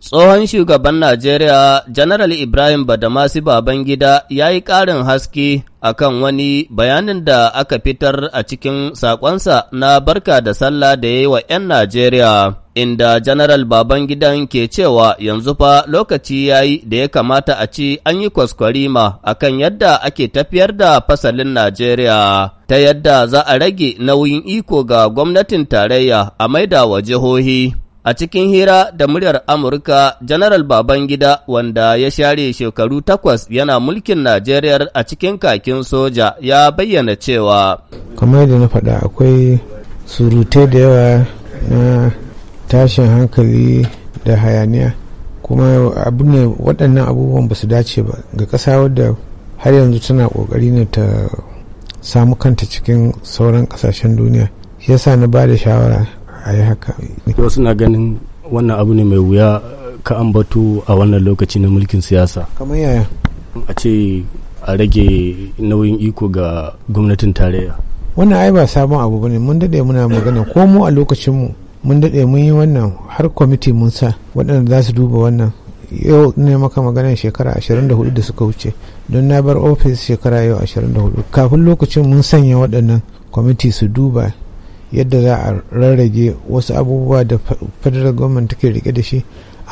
Tsohon shugaban Najeriya, Janaral Ibrahim Badamasi Babangida ya yi ƙarin haske a kan wani bayanin da aka fitar a cikin saƙonsa na barka da sallah da ya yi wa ‘yan Najeriya, inda Janaral Babangidan ke cewa yanzu fa lokaci ya yi da ya kamata a ci an yi kwaskwarima a kan yadda ake tafiyar da fasalin Najeriya, ta yadda za a rage nauyin iko ga gwamnatin tarayya a maida wa jihohi. A cikin hira da muryar Amurka, Janaral Babangida wanda ya share shekaru takwas yana mulkin Najeriya a cikin kakin soja ya bayyana cewa. Kamar yadda na faɗa akwai surutai da yawa na tashin hankali da hayaniya kuma abu ne waɗannan abubuwan ba su dace ba ga ƙasa wadda har yanzu tana ƙoƙari ne ta samu kanta cikin sauran ƙasashen duniya. Shi yasa na ba da shawara a yi haka wasu na ganin wannan abu ne mai wuya eh, ka ambato a wannan lokaci na mulkin siyasa kamar yaya a ce a rage nauyin iko ga gwamnatin tarayya wannan ai ba sabon abu bane mun dade muna magana ko mu a lokacin mu mun dade mun yi wannan har kwamiti mun sa waɗanda za su duba wannan yau ne maka maganar shekara 24 da suka wuce don na bar ofis shekara yau 24 kafin lokacin mun sanya waɗannan kwamiti su duba yadda za a rarrage wasu abubuwa da federal government take rike da shi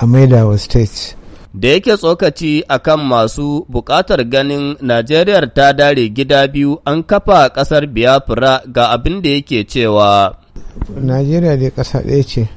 a Maidawa wa states da yake tsokaci a kan masu bukatar ganin Najeriya ta dare gida biyu an kafa kasar Biafra ga abin da yake cewa. Najeriya dai ƙasa ɗaya ce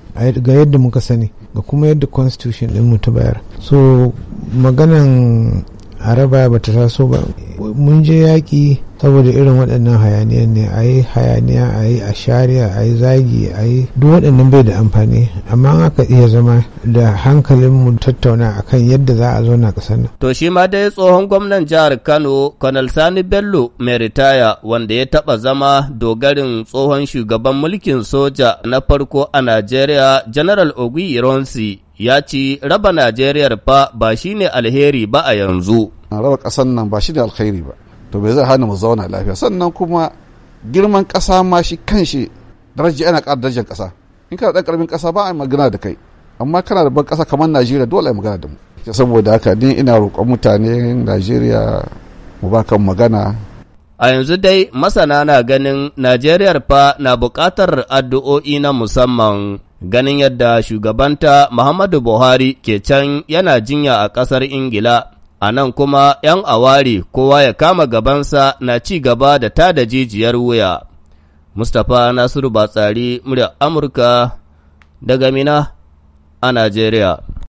ga yadda muka sani ga kuma yadda constitution din mu ta bayar. So maganan haraba ba ta taso ba mun je yaƙi saboda irin waɗannan hayaniyan ne a yi hayaniya a yi ashariya a yi zagi a yi duk waɗannan bai da amfani amma aka iya zama da hankalin mu tattauna akan yadda za a zauna ƙasar nan. to shi ma dai tsohon gwamnan jihar kano kanal sani bello mai ritaya wanda ya taɓa zama dogarin tsohon shugaban mulkin soja na farko a najeriya general ogui ironsi ya ce raba Najeriya fa ba shi ne alheri ba a yanzu. Raba ƙasan nan ba shi ne alheri ba, to bai zai hana mu zauna lafiya. Sannan kuma girman ƙasa ma shi kan shi daraja yana ƙara darajar ƙasa. In kana ɗan ƙaramin ƙasa ba a magana da kai, amma kana da ban ƙasa kamar Najeriya dole a magana da mu. Saboda haka ni ina roƙon mutanen Najeriya mu ba kan magana A yanzu dai masana na ganin Najeriyar fa na buƙatar addu'o'i na musamman ganin yadda shugabanta Muhammadu Buhari ke can yana jinya a ƙasar Ingila. A nan kuma ‘yan awari kowa ya kama gabansa na ci gaba da tada jijiyar wuya. Mustapha Nasiru Batsari, murya Amurka daga Mina a Najeriya.